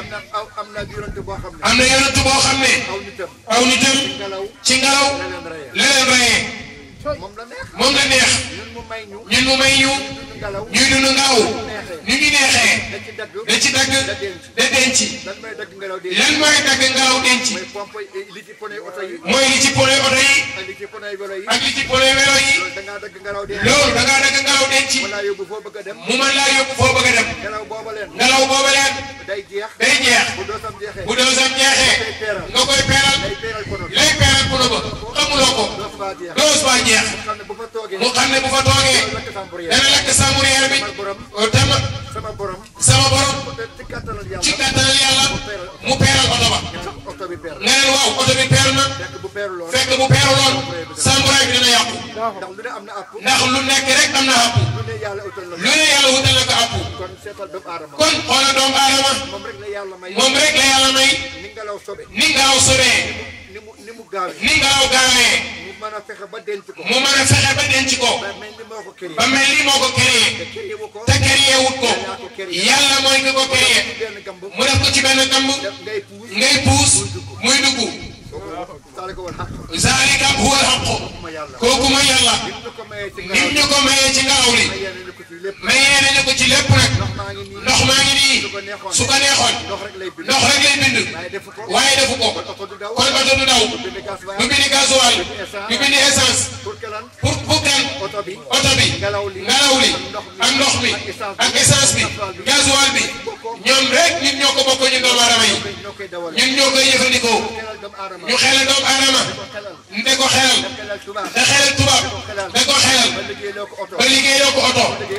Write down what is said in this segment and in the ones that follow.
am na aw am na yonent boo xam ne. am na yonent boo xam ne. aw nitam aw nitam. ci ngelaw leneen rayee. moom la neex moom la neex. ñun mu may ñu. ñuy dund ngelaw ni ñu neexee da ci dagg da denc lan mooy dagg ngelaw denc eh, li ci pneu oto yi ak li ci pneu vélo yi loolu da ngaa dagg ngelaw denc mu mën laa yóbbu foo bëgg a dem ngelaw booba leen day jeex bu doosam jeexee nga koy peeral lay peeral pono ba xamuloo ko doos dana lekk samburière bi oh, dama sama borom ci kattanal yàlla mu peeral oto ba nga ne waaw oto bi peeru na fekk bu peeru lool samburière bi dina yàqu ndax lu nekk rek am na àpp lu ne yàlla wutal na ko àpp kon xoolal doomu aadama moom rek la yàlla may ni ngalaw sobee ni mën a fexe ba denc ko. mu mën a fexe ba denc ko. ba mel ni moo ko créé. ba mel ni moo ko créé. te créé wut ko. yàlla mooy ki ko créé. mu def ko ci benn gamb. ngay puus ngay puus muy dugg. zaalika huwa al haqq. kooku mooy yàlla. lim ñu ko ci ngelaw li. ma yéene ne ko ci lépp nag ndox maa ngi nii su ko neexoon ndox rek lay bind waaye defu ko kon oto du daw mu bind gasoil mu bind essence pour pour kan oto bi ngelaw li ak ndox bi ak essence bi gasoil bi ñoom rek ñun ñoo ko bokk ñun doomu aadama yi ñun ñoo koy yëfandikoo ñu xelal doomu aadama nde ko xelal da xelal tubaab da ko xelal ba liggéeyoo ko oto.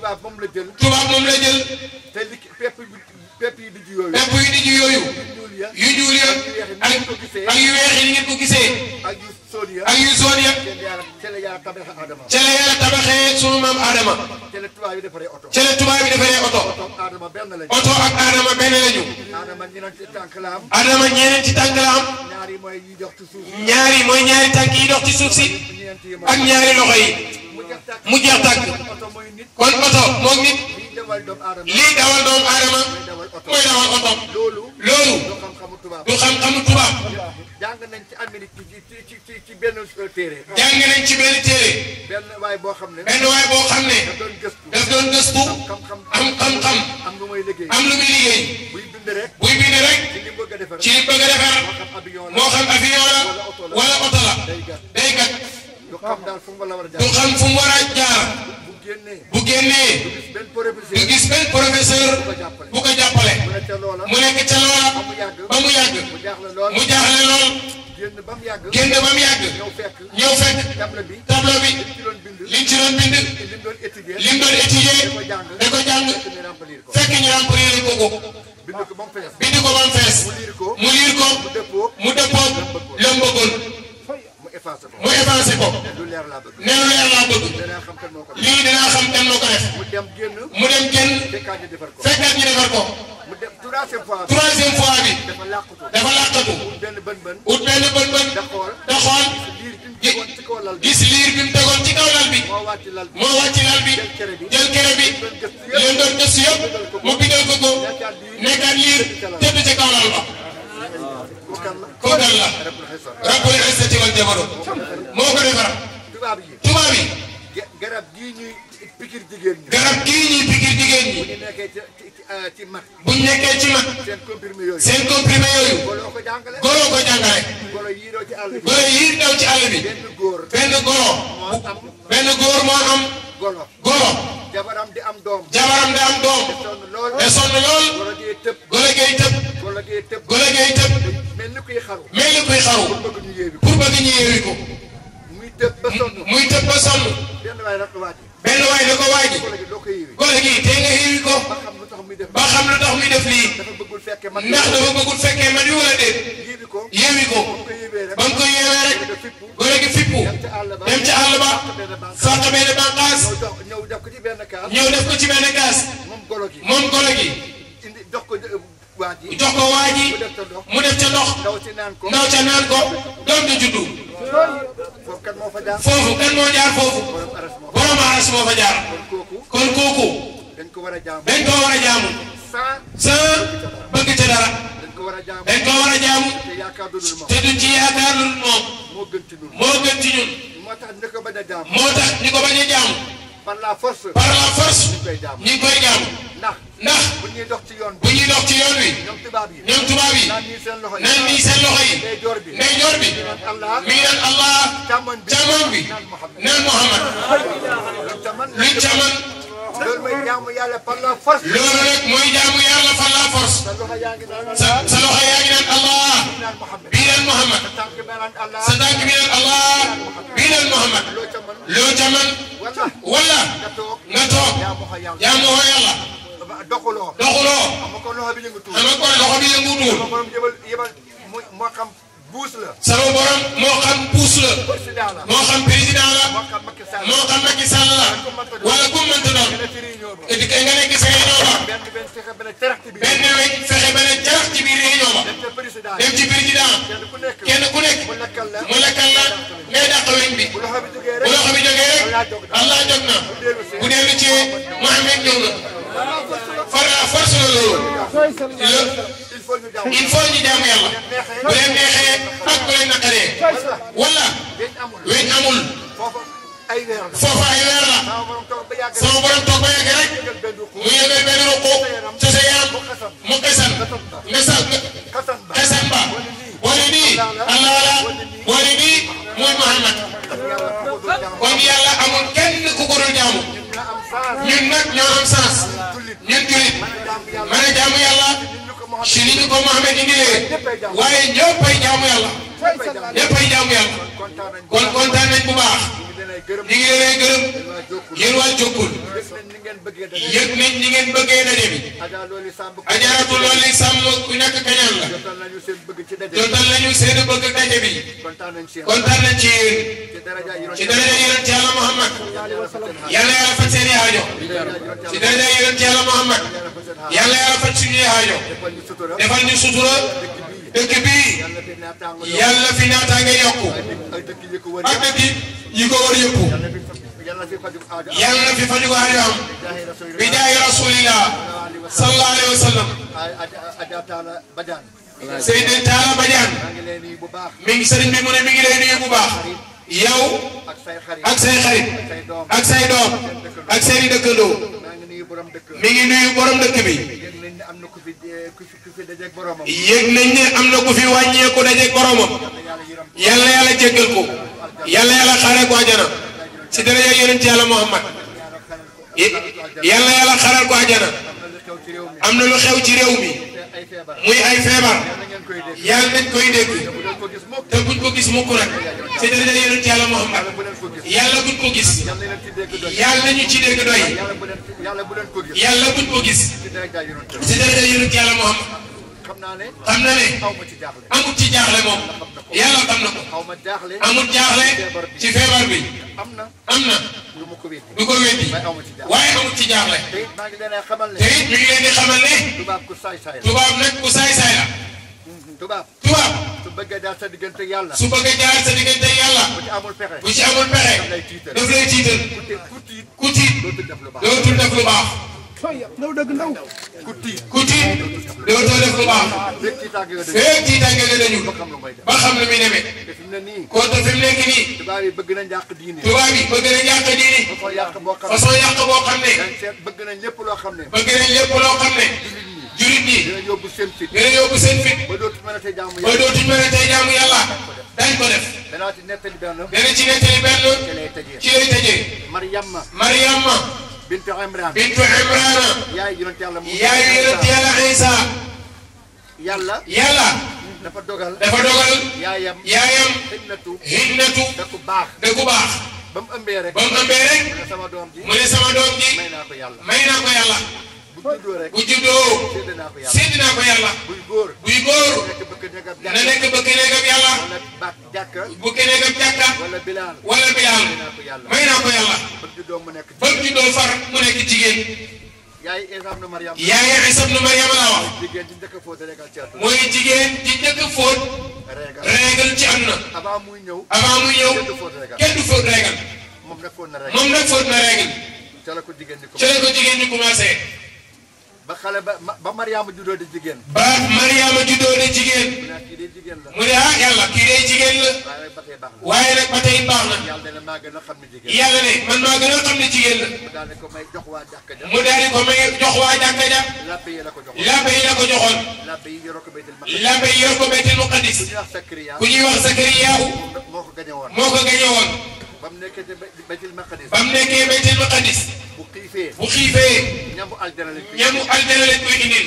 tubaab moom la jël. tubaab moom la jël. te li pepp yi pepp yi dijj yooyu. pepp yi dijj yooyu. yu ñuul ya ak ak yu weex yi ni ngeen ko gisee. ak yu soon ya ak yu soon ya. ca la yàlla tabaxee Adama. ca la yàlla tabaxee sunu maam Adama. ca la tubaab yi defaree oto. ca la tubaab yi defaree oto. oto ak Adama benn lañu. oto ak Adama benn lañu. Adama ñeneen ci tànk la am. Adama ñeneen ci tànk la am. ñaari mooy ñiy dox ci suuf si. ñaari mooy ñaari tànk yi dox ci suuf si. ak ñaari loxo yi. mu jeex tàkk kon oto moom nit lii dawal doomu aadama mooy dawal oto loolu du xam-xamu tubaab jàng nañ ci Amérique ci ci ci benn téere jàng nañ ci benn téere benn waay boo xam ne benn waay boo xam ne daf doon gëstu am xam-xam am lu muy liggéey buy bind rek ci li bëgg a xam fu mu war a jaar bu génnee du gis benn professeur bu ko jàppale mu nekk ca loola ba mu yàgg mu jaaxle lool génn ba mu yàgg ñëw fekk tableau bi liñ ci doon bind liñ doon étudier da ko jàng fekk ñu remplir ko ko bind ko ba mu fees mu liir ko mu dëppoo la mu bëggoon mu effacé ko. weer laa bëgg lii dinaa xam kan moo ko mu dem génn fekkaat ñu defar ko mu dem troisième fois bi dafa làqatu ut benn bën bën da xool gis liir bi mu tegoon ci kaw lal bi moo wàcc lal bi jël kere bi leen doon gëstu yëpp mu bindal ko ko nekkaat liir tëdd ci kaw lal ba kookan la rabbul izzati wal jabarut tubaab yi garab gii ñuy pikir jigéen ñi garab jigéen ñi bu ñu nekkee ci euh, mag bu nekkee ci mag seen comprimé yooyu seen comprimé yooyu goloo ko jàngale goloo ko jàngale golo daw ci àll bi benn góor benn golo moo am benn góor moo am golo jabaram di am doom jabaram di am doom te lool golo gee tëb golo gee tëb mel ni kuy xaru mel ni kuy xaru pour muy tëb ba sonn benn waay la ko waaj gone gi tee nga yëwi ko ba xam lu tax muy def lii ndax dafa bëggul fekkee man yu a déet yëwi ko ba mu ko yëwee rek gone gi fippu dem ca àll ba sàq benn bànqaas ñëw def ko ci benn kaas moom golo gi jox ko waa ji mu def ca ndox ndaw ca naan ko doom di juddu foofu kan moo jaar foofu borom aras moo fa jaar kon kooku dañ ko war a jaamu sans bëgg ca dara dañ ko war a jaamu te duñ ci yaakaar lu moom moo gën ci ñun moo tax ñu ko bañ a jaamu par la force ñu koy jaamu ndax ndax bu ñuy dox ci yoon wi ñoom tubaab yi naan nii seen loxo yi ndeyjoor bi mi ngi naan Allah càmmoñ bi naan Muhammad luñ ca man muy jaamu yàlla par la force. loolu muy jaamu yàlla par la force. sa loxo yaa ngi naan Allah. bii leen Muhammad. sa tànk bi naan Allah. bii leen Muhammad. loo ca man. wala. nga toog yaa ma xoo yàlla. doxuloo. doxuloo. ama ko loxo bi yëngu tuur. ama ko loxo bi yëngu tuur. moo xam. sama borom moo xam puus la moo xam président la moo xam Macky Sall la wala ku mu mënta doon et puis nga nekk sa réunion ba benn fexe ba ne jarax ci biir réunion ba dem ci président kenn nekk mu lakkal la ngay dàq bi bu loxo bi jógee rek Allah jóg na bu dellu ci Mohamed ñëw na fara force la loolu il faut ñu jaamu yàlla bu leen neexee ak bu leen naqaree wala weñ amul foofa ay weer la sama borom toog ba yàgg rek mu yëgal benn ruqu ca sa yaram mu xesan nga ba wala allah wala wala nii muy Muhammad kon yàlla amul kenn ku ko jaamu ñun nag ñoo am sens ñun julit mën a jaamu yàlla. si li ñu ko Mouhamed indilee waaye ñëppay jaamu yàlla ñëppay jaamu yàlla kon kontaan nañ bu baax. ñu ngi leen gërëm yéen waa Jokkul yëg nañ ñi ngeen bëggee daje bi ajaaratu loolu sàmm ku ñàkk kañaan la jotal nañu seen bëgg daje bi kontaan nañ ci yéen ci daraja yi yonent Yàlla Muhammad yàlla yàlla faj seen i aajo ci daraja yi yonent Yàlla Muhammad yàlla yàlla faj suñuy aajo defal ñu sutura dëkk bii yàlla fi naataange yokku ak dëkk yi ko wër yëpp yàlla fi faju aajo am bi jaay rasulillah sallallahu alayhi wa sallam Seydina Talla Badiane mi ngi sëriñ bi mu ne mi ngi lay nuyu bu ak say xarit ak say doom ak seen i dëkkandoo mi ngi nuyu borom dëkk bi ne am na ku fi ku fi dajeeg boromam. yëg nañ ne am na ku fi wàññeeku dajeeg boromam. yàlla yàlla jéggal ko. yàlla yàlla xaaree ko ajana. si dara yonent yàlla Muhammad. yàlla yàlla xaaral ko ajana. am na lu xew ci réew mi muy ay feebar yàlla nañ koy dégg te buñ ko gis mukk nag c'est-à-dire dañuy yonent yàlla Muhammad yàlla buñ ko gis yàlla nañu ci dégg doy yàlla buñ ko gis c'est-à-dire dañuy yonent yàlla Muhammad xam naa ne amul ci jaaxle moom yàlla xam na ko amul jaaxle ci feebar bi am na du ko wéddi waaye amul ci jaaxle te it mi di xamal ne tubaab ku saay saay la tubaab nag ku saay saay la mm-hmm. tubaab su bëgg a jaar sa diggante yàlla su bëgg a jaar sa diggante yàlla bu ci amul pexe bu ci amul pexe daf ku tiit ku tiit dootul lu baax ndaw dëgg ndaw. ku tiit ku tiit doo doo def lu baax. féeg tiitaange nga dañu ba xam lu muy demee. kon te fi mu nekk nii. tubaab ba bëgg nañ yàq diine. tubaab yi bëgg nañ yàq diine. façon yàq boo xam ne. bëgg nañ lépp loo xam ne. bëgg nañ lépp loo xam ne. jurit ñi dinañ yóbbu seen fit dinañ ba dootuñ mën a tey jaamu yàlla ba dootuñ mën a tey jaamu yàlla dañ ko def danaa benn dana ci nettali benn ci lay tëjee Maryamma Maryamma bintu Imraan bintu Imraan. yaay yonent yàlla Muusaa yaay yonent yàlla Isaa. yàlla. yàlla. dafa dogal. dafa dogal. yaayam. yaayam. hinnatu. da ku da ku baax. ba mu ëmbee rek. ba mu sama doom ji. mu bu juddoo sédd naa ko yàlla buy góor na nekk bëgg néegam yàlla bu néegam jàkka wala bilaal may naa ko yàlla ba mu juddoo far mu nekk jigéen. yaay Isa ibnu Maryam laa wax mooy jigéen di njëkk fóot régal ci am na avant muy ñëw kenn du fóot régal moom nag fóot na régal ca la ko jigéen ñi ba xale a ba Mariama juddoo di jigéen. ba Mariama di jigéen. mu ne ah, ah yàlla kii day jigéen la. ba tey baax na. yàlla a xam ne la. yàlla ne man maa gën a xam ne jigéen la. mu daal di ko may jox waa jàkka ja. mu daal di ko may jox waa ja. labbe yi la ko joxoon. labbe la ko joxoon. labbe yi yor ko baytil maqdis. labbe yi yor ko baytil maqdis. ku ñuy wax Sakariya. ku ñuy moo ko gañe ba mu nekkee baytil maqadis ba mu nekkee baytil maqadis bu xiifee bu xiifee ñamu aljana lañ ñamu aljana lañ koy indil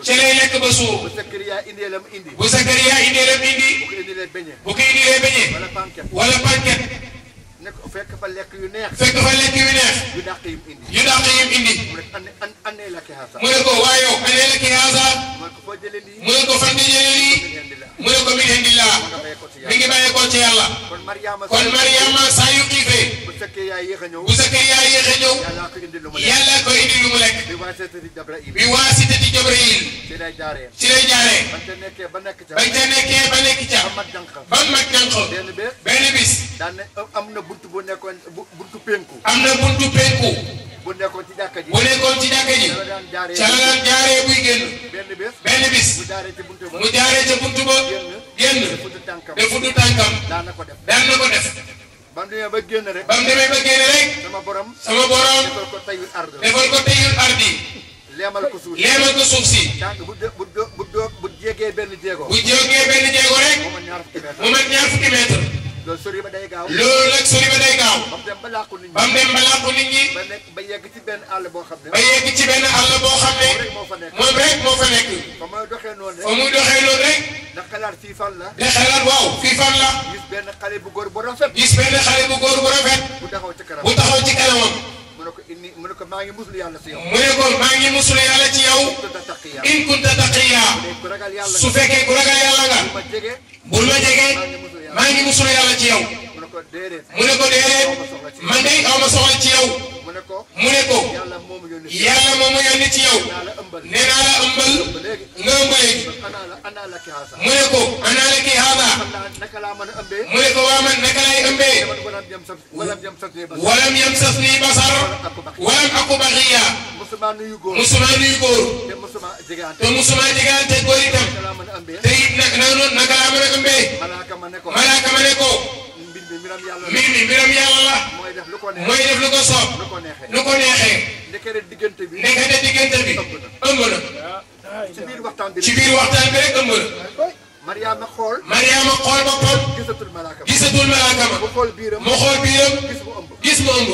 ci lay lekk ba suur bu Sakariya indee la mu indi bu Sakariya indee la mu indi bu ko indilee beñe bu ko indilee beñe wala panket wala panket nekk fekk fa lekk yu neex fekk fa lekk yu neex yu dàq yim indi yu dàq yim indi mu ne an an laki haasa mu ne ko waaye yow anee laki haasa mu ne ko foo jëlee lii mu ne ko fan nga jëlee lii मर्यारीला सायू की fekkee yaa a ñëw bu fekkee yaa yéex a ñëw ko indi lu mu lekk bi waasitati Jibril bi waasitati Jibril ci lay jaaree ci lay jaaree ba nekk ca bañ ca nekkee ba nekk ca ba mat jànq am na buntu bu nekkoon am na buntu bu nekkoon ci jàkka ji bu nekkoon ci jàkka ji ca la daan jaaree buy génn benn bis benn bis mu buntu ba génn defutu tànkam defutu tànkam daan def ba mu demee ba génn rek. ba mu sama borom. sama borom defal ko tayul ard. defal ko tayul ard yi. ko suuf si leemal ko suuf si. tànk bu do bu do bu jégee benn jéego. rek. mu mën ñaar fukki mètre. lool sori ba day gaaw loolu nag sori ba day gaaw ba mu dem ba làqu nit ñi ba boo xam ne ba yegg ci benn boo xam moo fa nekk fa muy doxee noonu rek fa muy doxee noonu rek da xalaat fii fan la la gis benn xale bu góor bu rafet gis benn xale bu góor bu ci kanam bu taxaw ci kanamam mu ne ko inni mu ne maa ngi muslu yàlla ci yow mu ne ko maa ngi muslu yàlla ci yow in kunta taqiya su fekkee ku ragal yàlla nga bul ma maa ngi musulu yàlla ci yow mu ne ko déedéet man de aw ma soxla ci yow ne ko yàlla moom a yónni ci yow nee naa la ëmbal nga ëmbalee mu ne ko anaa la kii haaba mu ne ko waa man naka laay ëmbee walam yam saf nii basar walam aku baxiya musuma nuyu góor te musuma jegeante góor itam te it nag naka laa mën a ëmbee malaaka ma ne ko mbir mi mbiram yàlla la mooy def lu ko soob lu ko neexee ndekete diggante bi ëmb na ci biir waxtaan bi rek ëmb na Mariama xool Mariama xool boppam gisatul malaaka ma gisatul malaaka ma mu xool biiram mu xool biiram gis mu ëmb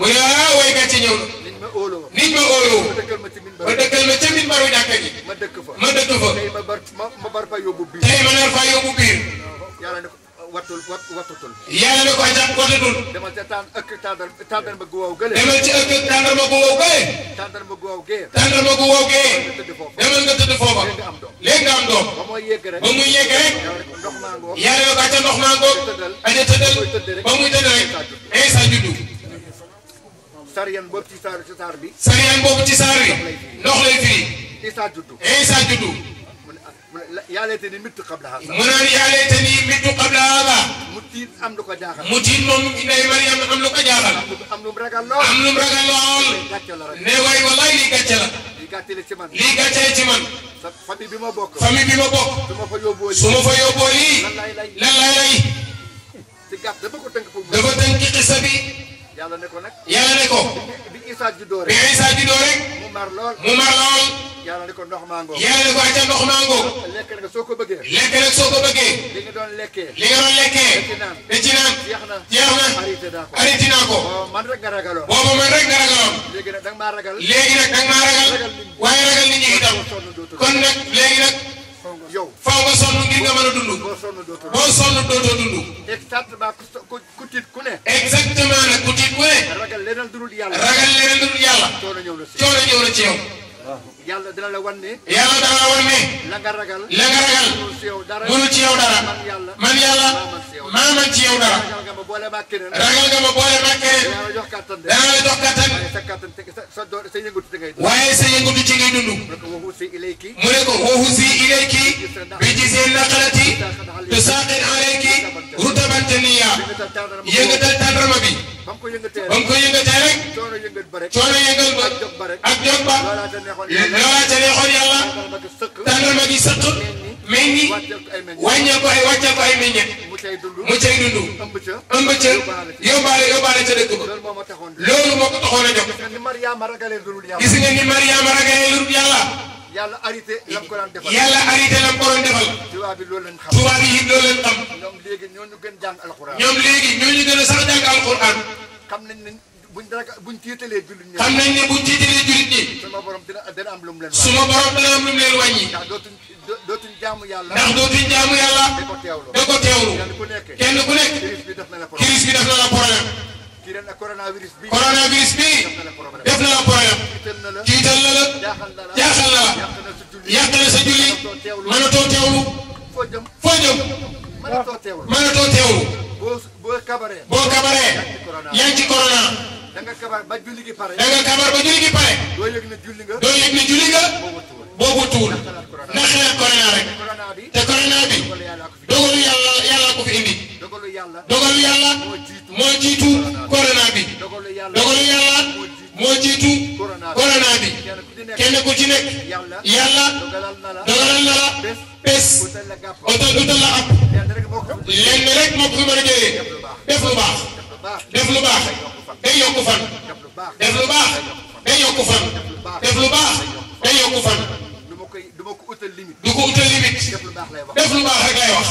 mu ne ah waykat ci ñëw na niñ ma óoloo ba dëkkal ma ca min baru jàkka ji ma dëkk fa tey ma bar fa yóbbu biir tey ma nar fa yóbbu biir yàlla ne ko uh, wattul wattutul. yàlla ne ko jàpp wattutul. demal ca tàn ëkk tàndar tàndarma gu wow gële. demal ci ëkk tàndarma gu wow gële. tàndarma gu wow gee. tàndarma gu wow gee. demal nga tëdd foofa. léegi nga am doom léegi nga am doom. ba muy yegg rek. ndox maa ngoog. yàlla ne ko àcca ndox maa ngoog. àcca tëddal ba muy tëdd rek. ay sa eh, juddu. sariyaan boobu ci saar ci saar bi. sariyaan boobu ci saar bi. ndox lay firi. isa juddu. isa eh, juddu. يا ليتني مت قبل هذا منان يا ليتني مت قبل هذا متين ام لوكا جاخال متين موم انداي مريم ام لوكا جاخال ام لوم راغال لول ام لوم راغال لول ني واي والله لي غاتلا لي غاتلا ci لي غاتلا ci ko teunk pour dama teunk yàlla ne ko ndox maa ngoo yàlla ne ko acca ndox maa ngoo lekk nag soo ko bëggee lekk nag soo ko bëggee li nga doon lekkee li nga doon lekkee da ci naan jeex na jeex na arrêté naa ko booba man rek nga ragaloon booba man rek nga ragaloon léegi nag danga maa ragal léegi nag danga maa ragal waaye ragal nit ñi itam kon nag léegi nag yow faw nga sonn ngir nga mën a dund boo sonn dootoo boo sonn dootoo dund exactement ku tiit ku ne exactement nag ku tiit ku ne ragal leneen dul yàlla ragal leneen dul yàlla coono ñëw na ci yow yàlla dana la ne. yàlla dana la wan ne. la nga ragal. la nga ragal. ci yow dara. man yàlla. man maa man ci yow dara. ragal nga ma boole ma keneen. ragal nga ma boole ma keneen. dana la jox sa kattan sa sa doole sa yëngatu ci ngay dund. waaye sa yëngatu ci ngay dund. mu ne ko waxu si ilayki. mu ne ko waxu si ilayki. bi gisee naqalati. tusaqin alayki. rutaban janiya. yëngatal bi. ba mu ko yëngatee rek coono yëngal ba rek ak jóg ba loola ca neexoon yàlla tàndarma gi sëq meññi wàññee ko ay wàccee ko ay meññeet mu cay dund ëmb ca yóbbaale yóbbaale loolu moo ko taxoon a gis nga ni Mariama ragalee lurul yàlla yàlla arrêté lam ko daan defal yàlla arrêté lam ko doon defal. tubaab bi loolu lañ xam tubaab yi it loolu lañ xam. ñoom léegi ñoo ñu gën jàng alxuraan. ñoom léegi ñoo ñu gën a sax jàng alxuraan. xam nañ ne buñ dara buñ tiitalee jullit ñi. xam nañ ne buñ tiitalee jullit ñi. sama borom dina dina am lu mu leen wàññi. suma borom dina am lu mu leen wàññi. ndax dootuñ dootuñ jaamu yàlla. ndax dootuñ jaamu yàlla. da ko teewlu da ko teewlu. kenn ku nekk. kenn ku nekk. coronavirus bi def na la problème tiital na la jaaxal na la yàq na sa julli mënatoo teewlu foo jëm mënatoo teewlu boo kabaree yaa ngi ci corona da nga kabar ba julli gi pare doo yëg ne julli nga boo wuttuwul ndax xalaat corona rek te corona bi dogalu yàlla yàlla ko fi indi dogalu yàlla moo jiitu dogalu yàlla moo jiitu corona bi kenn ku ci nekk yàlla dogalal na la bés oto dutal la ab lenn rek moo ko fi mën a jógee def lu baax def lu baax day yokku fan def lu baax day yokku fan def lu baax day yokku fan du ko utal limite def lu baax rek lay wax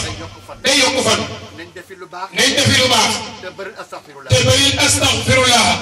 day yokku fan nañ defi lu baax te bëri astaxfirullah